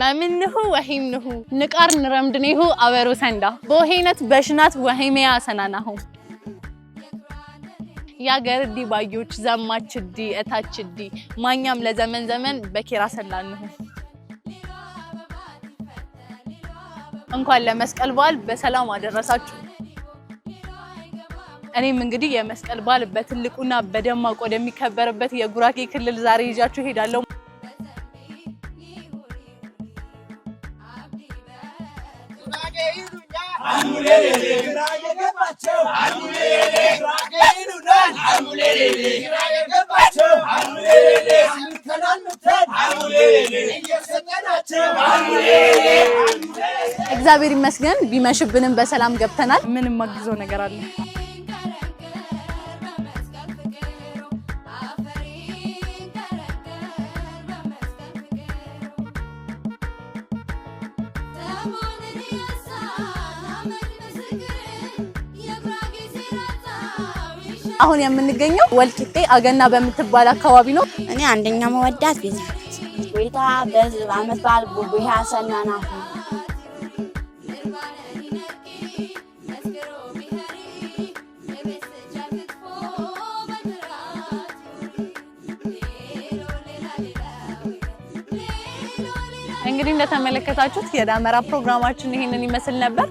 መምንሁ ወሂምንሁ ንቃር ንረምድኔሁ አበሩ ሰንዳ በሄነት በሽናት ወሄሜያ ሰናናሁ ያገር ዲ ባዮች ዘማች ዲ እታች ዲ ማኛም ለዘመን ዘመን በኬራ ሰላንሁ እንኳን ለመስቀል በዓል በሰላም አደረሳችሁ። እኔም እንግዲህ የመስቀል በዓል በትልቁና በደማቅ ወደሚከበርበት የጉራጌ ክልል ዛሬ ይዣችሁ ሄዳለሁ። እግዚአብሔር ይመስገን ቢመሽብንም በሰላም ገብተናል። ምንም ማግዘው ነገር አለ አሁን የምንገኘው ወልቂጤ አገና በምትባል አካባቢ ነው። እኔ አንደኛ መወዳት ቤት ቤታ በዝ አመት በዓል ጉጉ ያሰናናት እንግዲህ እንደተመለከታችሁት የዳመራ ፕሮግራማችን ይሄንን ይመስል ነበር።